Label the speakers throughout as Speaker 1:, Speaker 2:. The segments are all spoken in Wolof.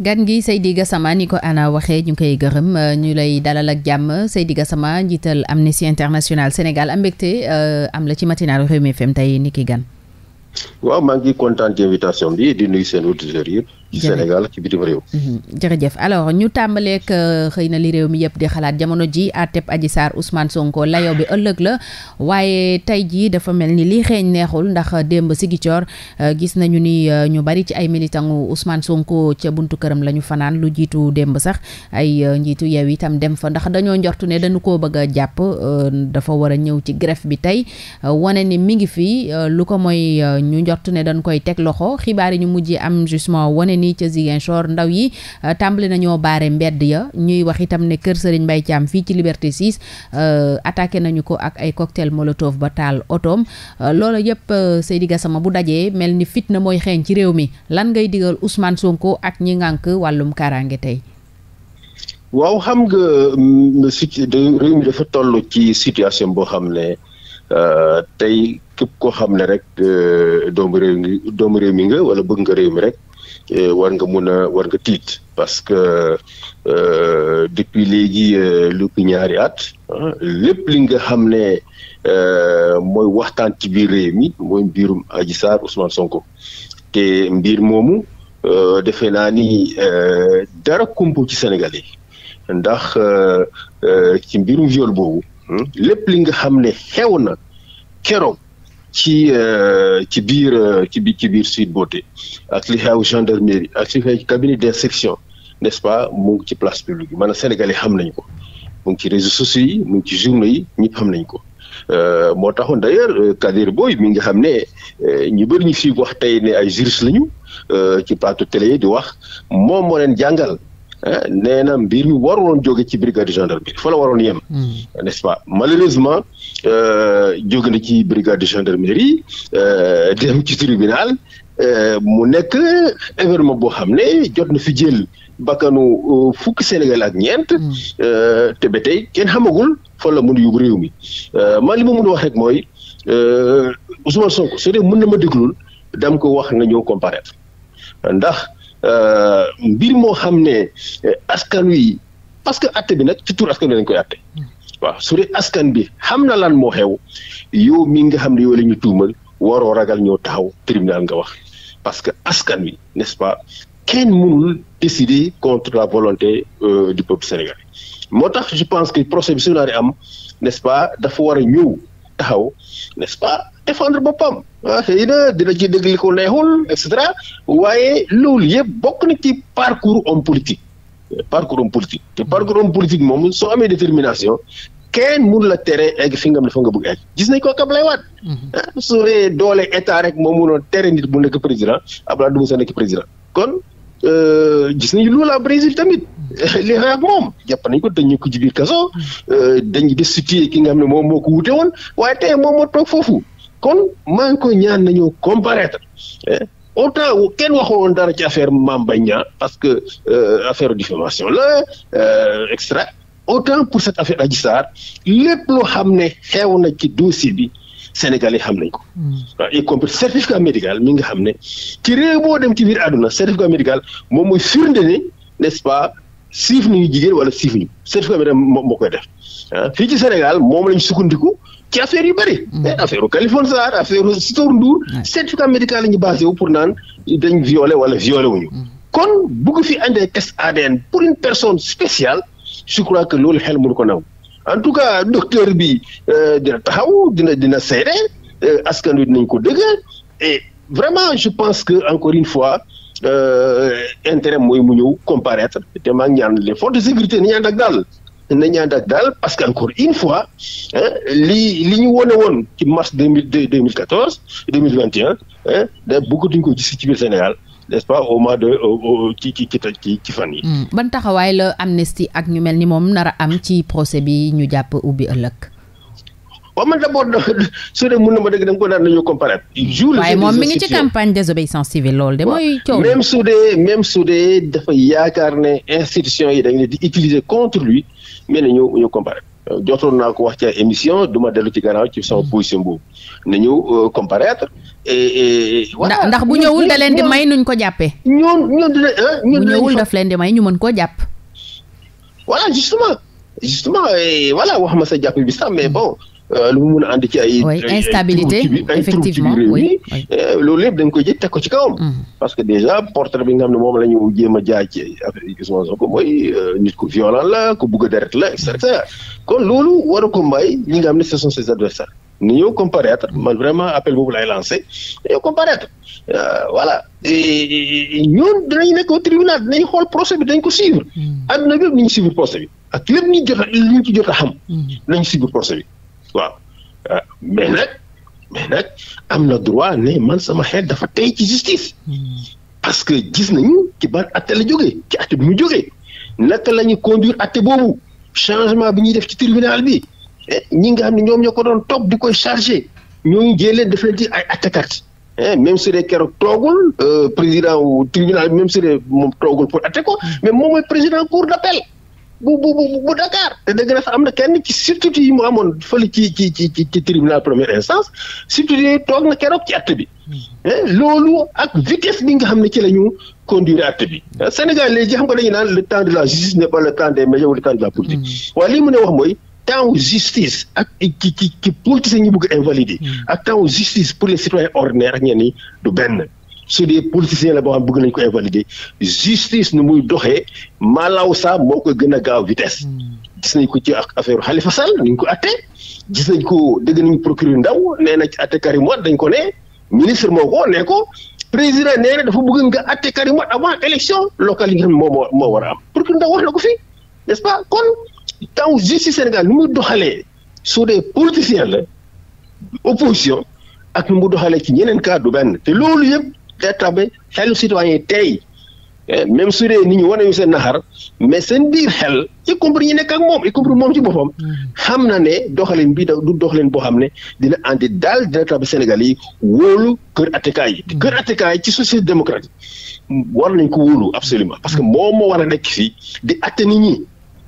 Speaker 1: gan gi Seydi sama ni ko ana waxee ñu koy gërëm euh, ñu lay dalal ak jàmm Seydi sama njiital Amnesty International Sénégal am mbégte euh, am la ci matinale Rewmi FM tey ni ki gan
Speaker 2: waaw maa ngi kontaan ci invitation bi di nuyu seen auditeurs yëpp ci ci bitim réew.
Speaker 1: Mhm. jërëjëf alors ñu tàmbaleeg euh, xëy na li réew mi yëpp di xalaat jamono ji àtteb aji Sarr Ousmane Sonko layo bi ëllëg la waaye tey jii dafa mel ni lii xeeñ neexul ndax euh, démb Ziguinchor euh, gis nañu ni ñu bari ci ay militantu usmaan Sonko ca buntu këram lañu fanaan lu jiitu démb sax ay njiitu yeew itam dem fa ndax dañoo njortu ne dañu koo bëgg jàpp dafa war a ñëw ci greffe bi tey wane ni mi ngi fii lu ko mooy ñu njortu ne dañ koy teg nii ca Ziguinchor ndaw yi euh, tàmbali nañoo baare mbedd ya ñuy wax itam ne kër Serigne Mbaye Thiam fii ci Liberté 6 euh, attaqué nañu ko ak ay cocktail molotov ba taal otoom euh, loolu yëpp Seydi Gassama bu dajee mel ni fitna mooy xeeñ ci réew mi lan ngay digal Ousmane Sonko ak ñi ngànk wàllum kaaraange tey.
Speaker 2: waaw xam nga mm, réew mi dafa toll ci situation boo xam ne. Euh, tey képp koo xam ne rek euh, doomu réew mi doomu réew mi nga wala bëgg nga réew mi rek euh, war nga mun a war nga tiit parce que depuis léegi lu ko ñaari at lépp li nga xam ne mooy waxtaan ci biir réew mi mooy mbirum Adji Sarr Ousmane Sonko te mbir moomu defe naa ni dara kumpu ci Sénégal yi ndax ci mbirum viol boobu Hmm? lépp li nga xam ne xew na keroog ci euh, ci biir euh, ci biir ci biir Sweet Beauté ak li xew gendarmerie ak li xew ci cabinet d'instruction n'est-ce pas mu ci place publique bi maanaam sénégalais xam nañ ko mu ngi ci réseaux sociaux yi mu ci journaux yi ñëpp xam nañ ko. Euh, moo taxu d'ailleurs Kadir Boy mi nga xam ne ñu bëri ñu fi wax tey ne ay juriste lañu ci plateau télé di wax moom moo leen jàngal nee na mbir mi waroon jóge ci brigade gendarmerie fa la waroon yem. Hmm. n'est-ce pas malheureusement euh, jóge na ci brigade gendarmerie euh, dem ci tribunal euh, mu nekk événement boo xam ne jot na fi jël bakkanu fukki Sénégal ak ñeent. Hmm. te ba tey kenn xamagul fan la mun yóbbu réew mi li ma mun wax rek mooy Ousmane Sonko su dee mën na ma déglul dam ko wax na ñëw comparaître ndax. Euh, mbir moo xam ne euh, askan wi parce que atte bi nag ci tur askan wi lañ koy atte waaw su askan bi xam na lan moo xew yow mi nga xam ne yow la tuumal waroo ragal ñëw taxaw tribunal nga wax parce que askan wi n'est-ce pas kenn mënul décider contre la volonté euh, du peuple sénégalais moo tax je pense que procès bi su am n'est-ce pas dafa war a ñëw taxaw nest pas défendre boppam ah, xëy na dina ci dégg li ko waaye loolu yëpp bokk na ci parcours homme politique parcours homme politique te parcours homme politique moom soo amee détermination kenn mun la tere egg fi nga xam ne fa nga bëgg egg gis nañ ko ak Ablaye Wade mhm. ah, su dee doole état rek moo munoon tere nit bu nekk président Ablaye du mu sa nekk président kon euh, gis nañu la Brésil tamit li moom jàpp nañ ko dañ ñu ko ci biir kaso mhm. euh, dañ destitué ki nga xam ne moom moo ko wute woon waaye tey moom moo foofu kon maa ngi koy ñaan nañu comparaître eh. autant kenn waxoon dara ci affaire Mame Mbaye Niang parce que euh, affaire diffamation la extra euh, autant pour cette affaire Adji Sarr lépp loo xam ne xew na ci dossier bi Sénégal yi xam nañ ko. waaw hmm. ah, y compris certificat médical mi nga xam ne ci réew boo dem ci biir àdduna certificat médical moom mooy firnde ne n'est-ce pas siif nañu jigéen wala siif ñu certificat bi moo koy def ah fii ci Sénégal moom lañ sukkandiku ci affaire yu bëri. mais mm. eh, affaire Kaliphone Sarr affaire Sitor Ndour. certificat médical la ñu basé wu pour naan dañ violé wala violé wuñu mm. kon bugg fi andee test ADN pour une personne spéciale je crois que loolu xel mënu ko naw en tout cas docteur bi euh, dina taxaw dina dina seede euh, askan wi dinañ ko dëgg et vraiment je pense que encore une fois. Euh, intérêt mooy mu ñëw comparaître te maa ngi ñaan les forces de sécurité nañu ànd ak daal nañu ànd daal parce que encore une fois li li ñu wone woon ci mars deux mille deux deux mille quatorze deux mille vingt et un ko gis ci biir Sénégal n'est-ce pas au mois de ci ci ci ci fan yi. Hmm.
Speaker 1: ban taxawaay la amnistie ak ñu mel ni moom nar a am ci procès bi ñu jàpp
Speaker 2: ubbi ëllëg. waaw man d' abord su dee mën na ma dégg da nga ko daan nañu comparer. jour waaye moom mi ngi ci
Speaker 1: campagne désobéissance civile loolu de mooy coow même
Speaker 2: su dee même su dee dafa yaakaar ne institution yi dañ leen di utiliser contre lui mais nañu ñu comparer. Euh, jotoon naa ko wax ci émission du ma dellu ci gannaaw ci sama mm. position boobu nañu euh, comparaître et voilà ndax bu ñëwul da leen di may nuñ ko
Speaker 1: jàppee. ñoon ñoon dina euh, ñoon bu ñëwul daf leen di may ñu mën koo jàpp.
Speaker 2: voilà justement justement voilà wax ma sa jàpp bi sax mais mm. bon Euh, lu mu a ànd ci ay. instabilité euh, loolu lépp dañ koy jël teg ko ci kawam. Mm. parce que déjà portrait bi nga xam ne moom la ñu jéem a jaay ci affaire yi Ousmane Sonko mooy euh, nit ku violent la ko bugg a deret la et kon loolu war a ko mbay ñi nga xam ne ce sont ses adversaires ni ñëw comparaître man vraiment appel boobu lay lancé ñëw comparaître voilà ñun dinañ nekk au tribunal dinañ xool procès bi dañ ko suivre. Mm. àdduna bi yëpp nañ suivre procès bi ak lépp ñu jot a li ñu ci a xam. Mm. nañ suivre procès bi. waaw euh, mais nag am na droit ne man sama xeet dafa tey ci justice parce que gis nañu ci ban atte la jógee ci atte bi mu jógee naka lañuy ñu conduire boobu changement bi ñuy def ci tribunal bi eh, ñi nga xam ne ñoom ñoo ko doon toog di koy chargé ñooñu jël leen def leen ci ay attekat eh, même su dee keroog toogul euh, président wu tribunal même su dee moom toogul pour atte ko mais moom mooy président cour d'appel bu bu bu Dakar te dëgg am na kenn ci surtout yi mu amoon fële ci ci ci ci tribunal première instance surtout yooyu toog na keroog ci àtte bi hmm. eh, loolu ak vitesse bi nga xam ne ci la ñu conduire àtte bi eh, Sénégal léegi xam nga dañu naan le temps de la justice n'est pas le temps des médias ou le temps de la politique hmm. waaye lii mu ne wax mooy temps justice ak ci ci ci politicien ñu bëgg invalider hmm. ak temps justice pour les citoyens ordinaires ak ñenn ñi du benn su dee politicien la boo xam bëgg nañ ko invalider justice nu muy doxee malaw sa moo ko gën a gaaw vitesse. Hmm. gis nañ ko ci affaire Khalifa Sall ni ñu ko atte gis nañ ko dégg nañ procureur ndaw nee na ci atte Karim Wade dañ ko ne ministre moo ko ne ko président nee na dafa bëgg nga atte Karim avant élection locale yi nga moo war a am procureur ndaw wax na ko fii n'est-ce pas kon taw justice Sénégal nu muy doxalee su dee politicien la opposition ak nu mu doxalee ci ñeneen cas du te loolu yëpp. te tax ba xelu citoyen yi tey eh, même su dee nit ñi wane ñu seen naxar mais seen biir xel y compris ñi nekk ak moom y compris moom ci boppam. Mm. xam na ne doxalin bi du doxalin boo xam ne dina andi daal dina tax ba Sénégal yi wóolu kër attekaay yi. kër mm. attekaay yi ci société démocratique war nañ ko wóolu absolument parce que moom moo war a nekk fii di atte nit ñi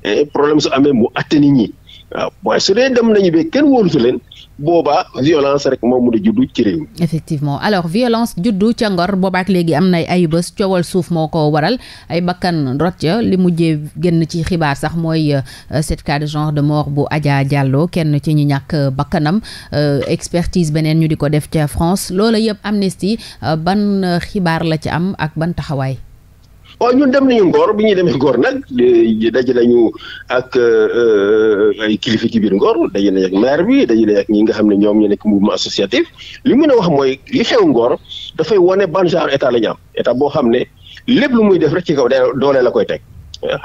Speaker 2: eh, problème su amee mu atte nit ñi waaw waaye su dee dem nañu ba kenn woolu wóolutu leen. boobaa violence rek moo mun a juddu ci
Speaker 1: effectivement alors violence juddu ca Ngor boobaak léegi am nay ay bës coowal suuf moo ko waral ay bakkan rot li mujjee génn ci xibaar sax mooy cet euh, cas de genre de mort bu Adja jàlloo kenn ci ñu ñàkk bakkanam euh, expertise beneen ñu di ko def ca France loola yëpp Amnesty euh, ban xibaar la ci am ak ban taxawaay.
Speaker 2: waaw ñu dem nañu Ngor bi ñuy demee Ngor nag eh, daje nañu ak eh, eh, ay kilifa ci biir Ngor daje nañ ak maire bi daje nañ ak ñi nga xam ne ñoom ñu nekk mouvement associatif lu mën a wax mooy li xew Ngor dafay wane ban genre état la état boo xam ne lépp lu muy def rek ci kaw doole la koy teg.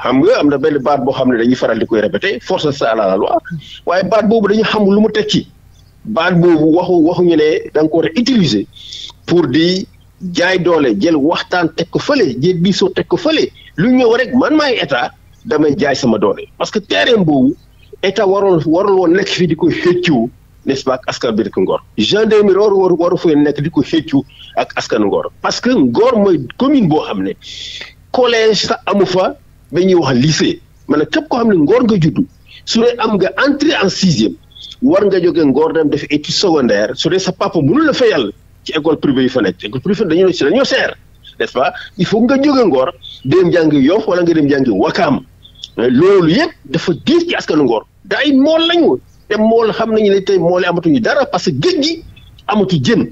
Speaker 2: xam nga am na benn baat boo xam ne dañuy faral di koy répété force c'est à a loi waaye baat boobu dañu xamul lu mu teg ci baat boobu waxu waxuñu ne da nga ko utiliser pour di. jaay doole jël waxtaan teg ko fële jël diisoo teg ko fële lu ñëw rek man maay état damay jaay sama doole parce que terrain boobu état waroon warul woon nekk fii di ko xëccu n'est-ce pas ak askan bi rek Ngor gendarmerie waru waru waru fay nekk di ko xëccu ak askan Ngor parce que Ngor mooy commune boo xam ne collège sax amu fa ba ñuy wax lycée maanaam képp koo xam ne Ngor nga juddu su dee am nga entrée en sixième war nga jóge Ngor dem def étude secondaire su dee sa papa mënul la fayal. ci école privée yi fa nekk école privée dañu si dañoo seer n'est-ce pas il faut nga jóge Ngor dem jàngi Yoff wala nga dem jàngi Wakaam loolu yëpp dafa diis ci askanu Ngor daa it mool lañu te mool xam nañu ne tey mool yi amatuñu dara parce que géej gi amatu jën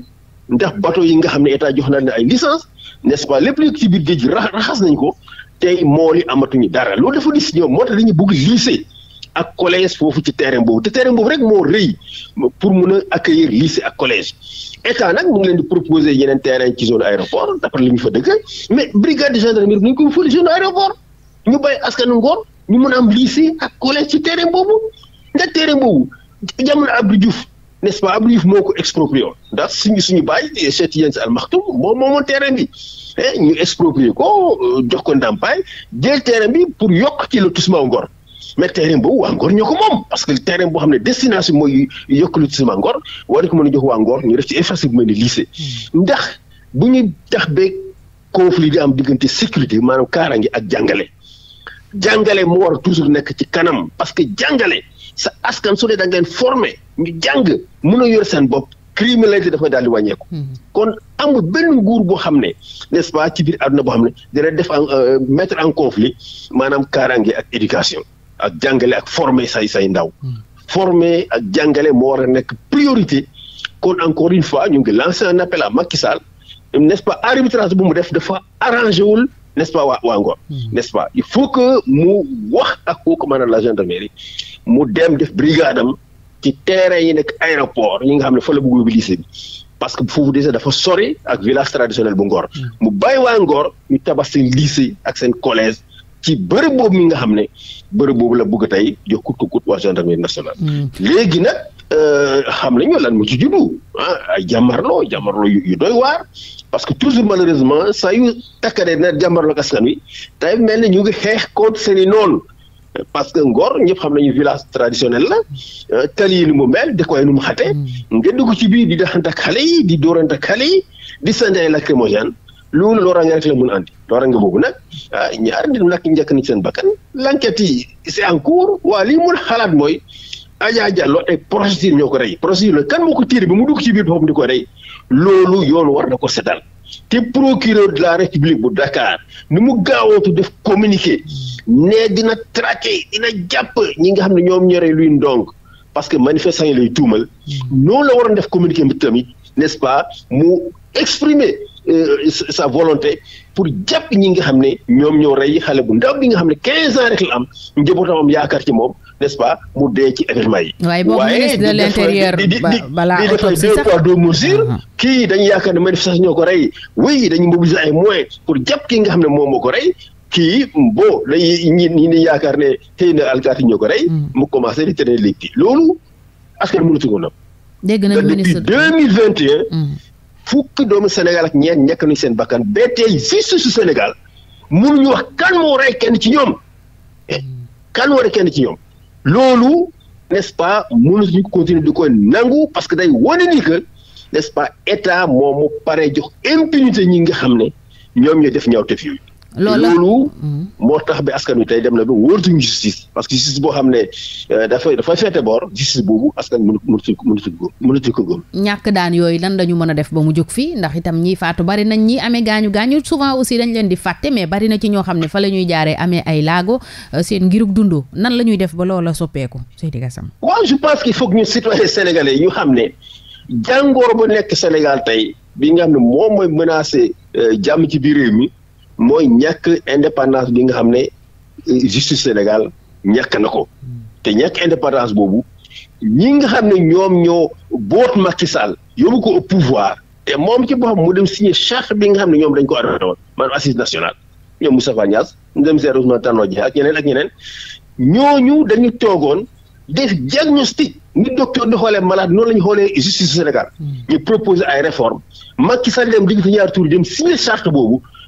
Speaker 2: ndax bateau yi nga xam ne état jox na ne ay licence n'est-ce pas lépp léegi ci biir géej gi raxas nañ ko te mool yi amatuñu dara loolu dafa diis ñoom moo tax dañuy bugg lycée ak collège foofu ci terrain boobu te terrain boobu rek moo rëy pour mun a accueillir lycée ak collège état nag mu ngi leen di proposer yeneen terrain ci zone aéroport d'après li fa dëkk mais brigade de gendarmerie bu ñu ko fële zone aéroport ñu bàyyi askanu Ngor ñu mën a am lycée ak collège ci terrain boobu ndax terrain boobu jam Abdou Diouf n'est-ce pas Abdou Diouf moo ko exproprié woon ndax suñu suñu bàyyi Cheikh Tidiane Sy Al Maktoum moom moomoon terrain bi eh, ñu exproprié ko euh, jox ko ndàmpaay jël terrain bi pour yokk ci lotissement Ngor mais terrain boobu waa Ngor ñoo ko moom parce que terrain boo xam ne destination mooy yokk lotissement Ngor war nañ ko mën a jox waa Ngor ñu def ci infrastructure bu mel ni lycée hmm. ndax bu ñu tax ba conflit di am diggante sécurité maanaam kaaraange ak jàngale jàngale moo war toujours nekk ci kanam parce que jàngale sa askan su dee da nga leen formé ñu mën a seen bopp criminalité dafay daal di wàññeeku. Hmm. kon amul benn nguur boo xam ne n'est-ce pas ci biir àdduna boo xam ne dina def en euh, mettre en conflit maanaam kaaraange ak éducation. ak jàngale ak forme say say ndaw. Hmm. former ak jàngale moo war a nekk priorité. kon encore une fois ñu ngi lancer un appel à Macky Sall n'est-ce pas arbitrage bu mu def dafa arangé wul n'est-ce pas waa waa Ngor. Hmm. n'est-ce il faut que mu wax ak au commandant de la gendarmerie mu dem def brigade am ci terrain yi nekk aéroport yi nga xam ne fa la bëgg mobiliser bi parce que foofu déjà dafa sori ak village traditionnel bu Ngor. Hmm. mu bàyyi waa ñu tabax seen lycée ak seen collège. ci bërëb boobu mi nga xam ne bërëb boobu la bëgg tey jox kut ku kut waa gendarmerie nationale. Mm. léegi nag euh, xam nañu lan mu ci juddu ah ay jàmmarloo jàmmarloo yu doy waar parce que toujours malheureusement saa yu takkadee na jàmmarloo ak askan wi tey mel ne ñu ngi xeex contre seen i noonu. parce que Ngor ñëpp xam nañu village traditionnel la euh, tali yi ni mu mel dëkkuwaay nu mu xate mm. nga dugg ci biir di da ak xale yi di door a xale yi di sànni ay lacrymogène loolu looraange rek la mën a andi looraange boobu nag ah, njëkk ni seen bakkan l'enquête yi c'est en cours waa li mën a xalaat mooy Adja Diallo ay procédure ñoo ko rey procédure la kan moo ko tiire bi mu dugg ci biir di ko rey loolu yoon war na ko setal te procureur de la république bu Dakar ni mu gaaw gaawootu def communiqué ne dina traqué dina jàpp ñi nga xam ne ñoom ñoree luy ndong parce que manifestant yi lay tuumal mm. noonu la waroon def communiqué bi ne n'est-ce pas mu exprimer Euh, sa volonté pour jàpp ñi nga xam ne ñoom ñoo rey xale bu ndaw bi nga xam ne 15 ans rek la am njabootam am yaakaar ci moom n'est-ce pas mu dee ci événement yi. waaye boobu ministre de l'intérieur balaa autopsie sax uh-huh. yaakaar ne manifestation ñoo ko rey oui dañu mobiliser ay moyens pour jàpp ki nga xam ne moom moo ko rey. kii bo dañuy ñi ñi ni yaakaar ne xëy na alkaati ñoo ko rey. Hmm. mu commencé di tene léegi loolu askan mënatu ko nag. dégg nañu ministre fukki doomu Sénégal ak ñeen ñàkk nañu seen bakkan ba tey juste su Sénégal ñu wax kan moo rey kenn ci ñoom kan moo rey kenn ci ñoom loolu n'est-ce pas ñu continuer di koy nangu parce que day wane ni que n'est-ce pas état moom mu paree jox impunité ñi nga xam ne ñoom ñoo def ñaawteef yooyu. loolu hmm. moo tax bi askan wi tey dem na ba wóortuñu justice parce que justice boo xam ne euh, dafay dafay féete boor justice boobu askan mënu mënatu ko mënatu
Speaker 1: ñàkk daan yooyu lan lañu mën a def ba mu jóg fii ndax itam ñi faatu bari nañ ñi amee gaañu gaañu souvent aussi dañ leen di fàtte mais bari na ci ñoo xam ne fa la ñuy jaaree amee ay laago euh, seen ngiruk dund nan la ñuy def ba loola soppeeku Seydi Gassama
Speaker 2: waaw je pense qu'il faut que ñu citoyens sénégalais ñu xam bu nekk Sénégal tey bi nga xam ne moom euh, ci biir mi mooy ñàkk indépendance bi nga xam ne euh, justice Sénégal ñàkk na ko te ñàkk indépendance boobu ñi nga xam ne ñoom ñoo boot Macky Sall yóbbu ko au pouvoir te moom ci boppam mu dem signé charte bi nga xam ne ñoom dañ ko adopté woon maanaam assise nationale ñoom Moustapha Niass dem seer Ousmane Tanor Dieng ak ñeneen ak ñeneen ñooñu dañu toogoon def diagnostic ni docteur di xoolee malaat noonu la ñu xoolee justice Sénégal hmm. ñu proposé ay réformes Macky Sall dem digg fi ñaar tuur dem signé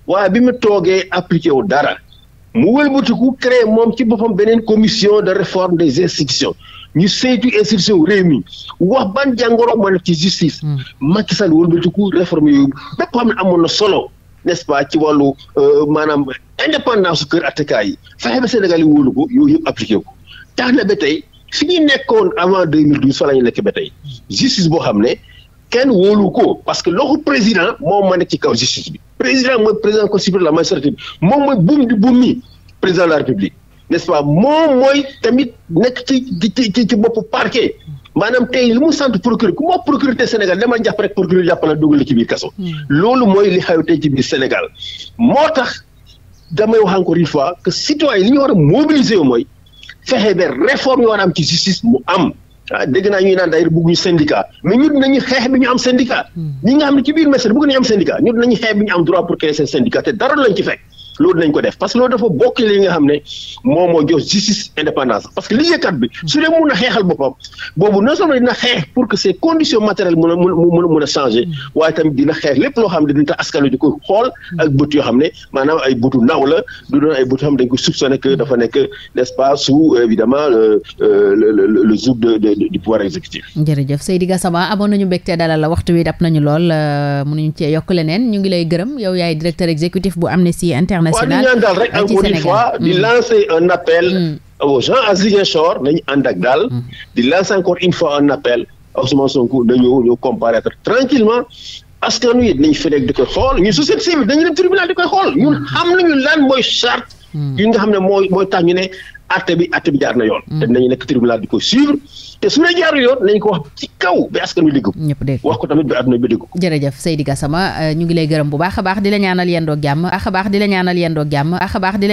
Speaker 2: waa bi mu toogee appliqué wu dara mu wëlbatiku créer moom ci boppam beneen commission de réforme des institutions seytu saytu institution réew mi wax ban jàngoro ma nekk ci justice. Hmm. Macky Sall wëlbatiku réforme yooyu bépp xam ne amoon na solo n'est-ce ci wàllu euh, maanaam indépendance su kër attaquant yi fexe ba Sénégal yi wóolu ko yooyu yëpp appliqué ko tax na ba tey fi ñu nekkoon avant 2012 fa la ñu nekk ba tey justice boo xam ne kenn wóolu ko parce que loxo président moo ma nekk ci kaw justice bi. président mooy président conseil supérieur de la magistrature moom mooy buum di buum mi président de la république nest pas moom mooy tamit nekk ci ci ci ci boppu parquet maanaam te li mu sant procureur ku moo procureur te Sénégal demal jàpp rek procureur jàpp na dugal ci biir kaso. Hmm. loolu mooy li xew tey ci biir Sénégal moo tax damay wax encore une fois que citoyen li ñu war a mobiliser mooy fexe ba réforme yi war am ci justice mu am. ah dégg naa ñuy naan daayira bëgguñu syndicat mais ñun dinañu xeex bi ñu am syndicat hmm. ñi nga xam ci biir médecine bëgg nañu am syndicat ñun dinañu xeex bi ñu am droit pour créer seen syndicat te dara lañ ci fekk loolu nañ ko def parce que loolu dafa bokk li nga xam ne moom moo jox justice indépendance parce que liggéeykat bi su dee mun a xeexal boppam boobu non seulement dina xeex pour que a mun a dina xeex lépp loo xam ne dina tax askan wi di ko xool ak bët yoo xam ne maanaam ay bëtu naaw la du doon ay bët yoo xam ne dañ ko soupçonné que dafa nekk n'est-ce pas sous euh, évidemment euh, le le le joug de du pouvoir exécutif.
Speaker 1: jërëjëf Seydi Gassama amoon nañu mbégte dalal la waxtu wi dab nañu lool euh, ñu ngi lay gërëm yow yaay directeur exécutif bu Amnesty nationale waaw di ñaan daal rek encore une fois di mm.
Speaker 2: lancer un appel mm. aux gens à Ziguinchor nañu ànd ak daal mm. di lancer encore une fois un appel Ousmane Sonko dañoo ñoo comparaître tranquillement askan wi nañ fi rek di koy xool ñun société civile dañu dem tribunal di koy xool ñun xam nañu lan mooy charte yi nga xam ne mooy mooy tax ñu ne atte bi atte bi jaar na yoon. Mm. te dinañu nekk tribunal di ko suivre te su dee jaarul yoon nañu ko wax ci kaw bi askan wi dégg ko. ñëpp dégg wax ko tamit bi adduna bi dégg ko.
Speaker 1: jërëjëf Seydi Gassama euh, ñu ngi lay gërëm bu baax a baax di la ñaanal yendoo jàmm a baax di la ñaanal yendoo jàmm a baax di la.